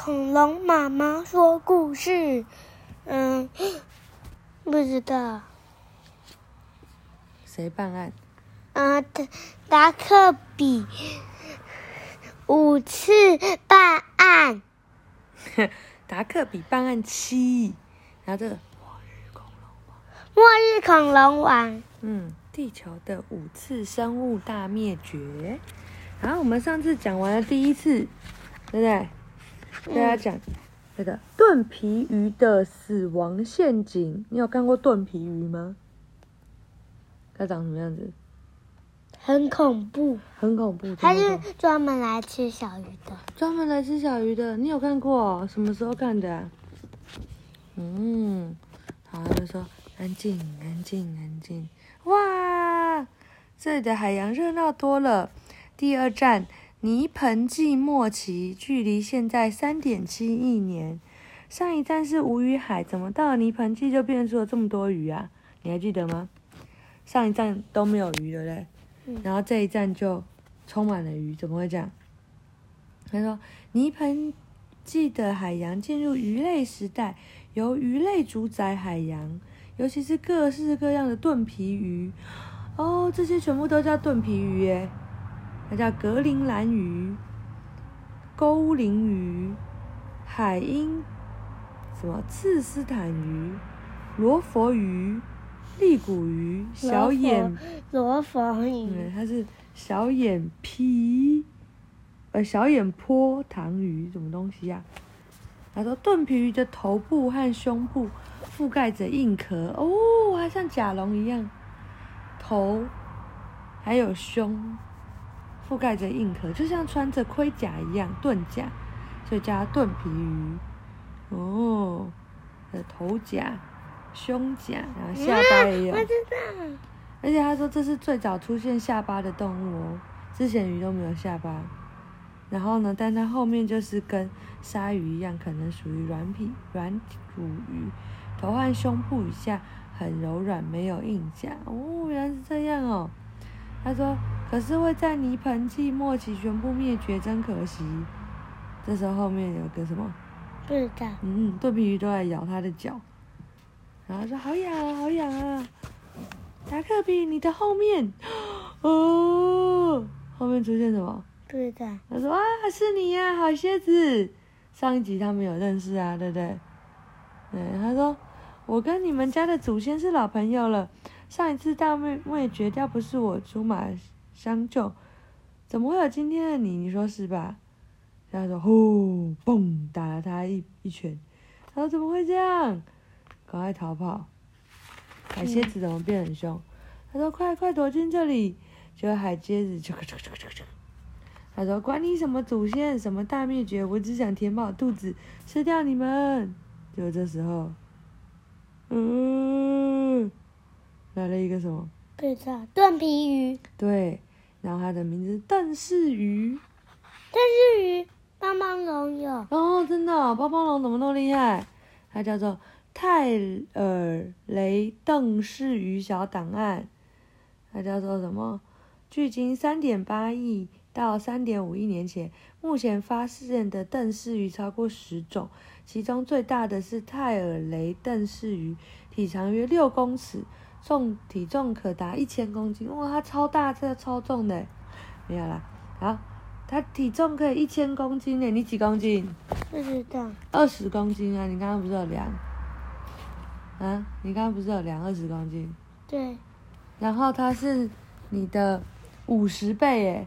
恐龍媽媽說故事，嗯，不知道誰辦案？呃、嗯，達達克比五次辦案。達 克比辦案七，然後這個末日恐龍王，末日恐龍王，嗯，地球的五次生物大滅絕，然後我們上次講完了第一次，對不對？跟大家講那、嗯，這個盾皮魚的死亡陷阱，你有看過盾皮魚嗎？它長什麼樣子？很恐怖，很恐怖。它是專門來吃小魚的。專門來吃小魚的，你有看過？什麼時候看的、啊？嗯，然後就說安靜，安靜，安靜。哇，這裡的海洋熱鬧多了。第二站。泥盆紀末期距離現在三點七億年，上一站是無魚海，怎麼到了泥盆紀就變出了這麼多魚啊？你還記得嗎？上一站都沒有魚，的嘞，嗯、然後這一站就充滿了魚，怎麼會這樣？他說泥盆紀的海洋進入魚類時代，由魚類主宰海洋，尤其是各式各樣的盾皮魚。哦，這些全部都叫盾皮魚、欸，耶。它叫格陵蘭魚、溝鱗魚、海鷹、什麼刺斯坦魚、羅佛魚、利骨魚、小眼羅佛，佛魚。嗯，它是小眼皮，呃，小眼坡塘魚，什麼東西呀、啊？他說，盾皮魚的頭部和胸部覆蓋着硬殼，哦，還像甲龍一樣，頭還有胸。覆蓋着硬殼，就像穿着盔甲一樣，盾甲，所以叫盾皮魚。哦，他的頭甲、胸甲，然後下巴也有。啊，我知道。而且他說這是最早出現下巴的動物哦，之前魚都沒有下巴。然後呢，但它後面就是跟鯊魚一樣，可能屬於軟皮軟骨魚，頭和胸部以下很柔軟，沒有硬甲。哦，原來是這樣哦。他說。可是會在泥盆紀末期全部滅絕，真可惜。這時候後面有個什麼？對的。嗯嗯，盾、嗯、皮魚都在咬他的腳，然後他說，好癢啊，好癢啊！達克比，你的後面，哦，後面出現什麼？對的。他說啊，是你呀、啊，好蠍子。上一集他們有認識啊，對不對？對，他說我跟你們家的祖先是老朋友了，上一次大滅滅絕掉不是我出馬。相救，怎麼會有今天的你？你說是吧？他說：呼，嘣，打了他一一拳。他說：怎麼會這樣？趕快逃跑！海蠍子怎麼變很凶？嗯、他說：快快躲進這裡！就海蠍子囉囉囉囉囉囉，他說：管你什麼祖先，什麼大滅絕，我只想填飽肚子，吃掉你們！就這時候，嗯，來了一個什麼？對的，盾皮魚。對。然後它的名字鄧氏魚，鄧氏魚，幫幫龍有哦，真的哦，幫幫龍怎麼那麼厲害？它叫做泰爾雷鄧氏魚小檔案，它叫做什麼？距今3.8億到3.5億年前，目前發現的鄧氏魚超過十種，其中最大的是泰爾雷鄧氏魚，體長約六公尺。重，體重可達一千公斤，哇，它超大，這超重的，沒有啦。好，它體重可以一千公斤呢，你幾公斤？不知道。二十公斤啊，你剛剛不是有量？啊，你剛剛不是有量二十公斤？對。然後它是你的五十倍誒。